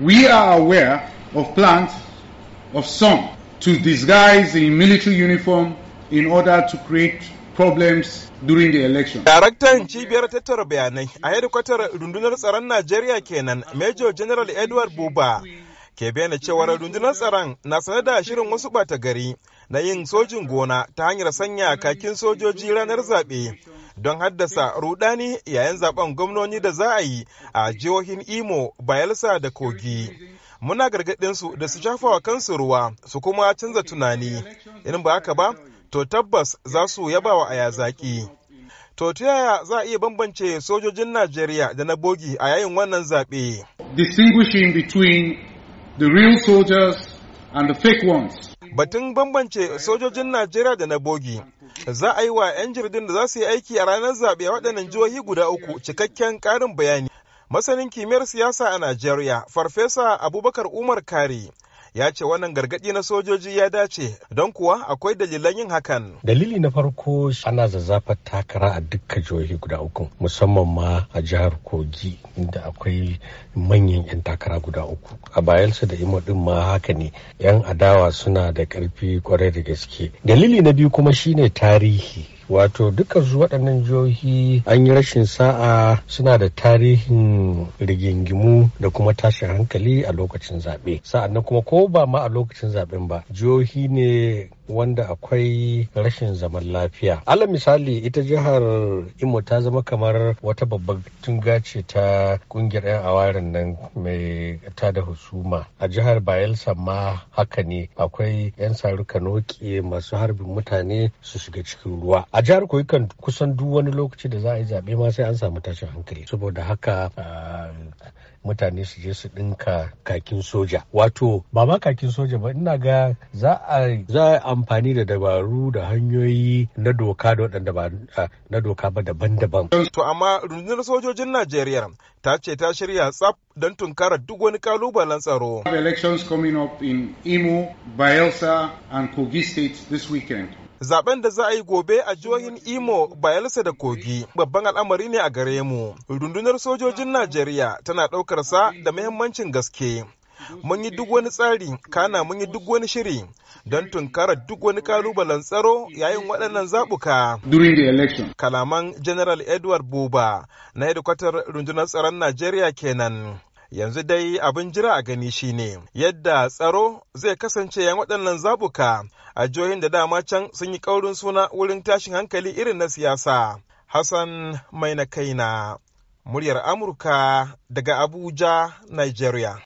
We are aware of plans of some to disguise in military uniform in order to create problems during the election. Daraktan cibiyar tattara bayanai a hedikwatar rundunar tsaron Najeriya kenan Major General Edward Buba ke bayyana cewar rundunar tsaron na sanar da shirin wasu bata gari na yin sojin gona ta hanyar sanya kakin sojoji ranar zaɓe. don haddasa rudani yayin zaben gwamnoni da za a yi a jihohin Imo, Bayelsa da Kogi. Muna su da su shafa wa kansu ruwa su kuma canza tunani, in ba haka ba, to tabbas za su yaba wa a zaki. To ta yaya za a iya bambance sojojin Najeriya da na bogi a yayin wannan zaɓe? Distinguishing between the real soldiers and the fake ones. Batun bambance sojojin Najeriya da na bogi. Za a yi wa 'yan jirgin da za su yi aiki a ranar zaɓe waɗannan jihohi guda uku cikakken ƙarin bayani. Masanin kimiyyar siyasa a Najeriya, Farfesa Abubakar Umar Kari. ya ce wannan gargaɗi na sojoji ya dace don kuwa akwai dalilan yin hakan. Dalili na farko ana zazzafar takara a dukkan jihohi guda uku musamman ma a jihar Kogi inda akwai manyan 'yan takara guda uku. A bayansa da imo din ma haka ne 'yan adawa suna da ƙarfi kwarai da gaske. Dalili na biyu kuma shine tarihi wato duka waɗannan jihohi an yi rashin sa'a suna da tarihin rigingimu da kuma tashin hankali a lokacin zaɓe sa'annan kuma ko ba ma a lokacin zaɓen ba jihohi ne wanda akwai rashin zaman lafiya. ala misali ita jihar Imo ta zama kamar wata babbar tunga ce ta kungiyar 'yan awarin nan mai ta da husuma. A jihar Bayelsa ma haka ne akwai 'yan saruka noke masu harbin mutane su shiga cikin ruwa. A jihar kan kusan duk wani lokaci da za a yi zaɓe ma sai an samu tashin hankali. Saboda haka ah, mutane su je su ɗinka kakin soja wato ba ma kakin soja ba ina ga za a za a amfani da dabaru da hanyoyi na doka da waɗanda ba na doka ba daban-daban to amma rundunar sojojin Najeriya ta ce ta shirya tsaf don tunkarar duk wani kalubalen tsaro elections coming up in Imo, Bayelsa and Kogi states this weekend zaben da za a yi gobe a jihohin imo bayelsa da kogi babban al'amari ne a gare mu rundunar sojojin najeriya tana ɗaukar sa da muhimmancin gaske mun yi duk wani tsari kana mun yi duk wani shiri don tunkarar duk wani kalubalen tsaro yayin waɗannan zaɓuka. kalaman general edward buba na hedikwatar rundunar tsaron najeriya kenan yanzu dai abin jira a gani shine yadda tsaro zai kasance yan waɗannan zaɓuka a jihohin da dama can sun yi ƙaurin suna wurin tashin hankali irin na siyasa. Hassan Mai na kaina, muryar Amurka daga Abuja, Nigeria.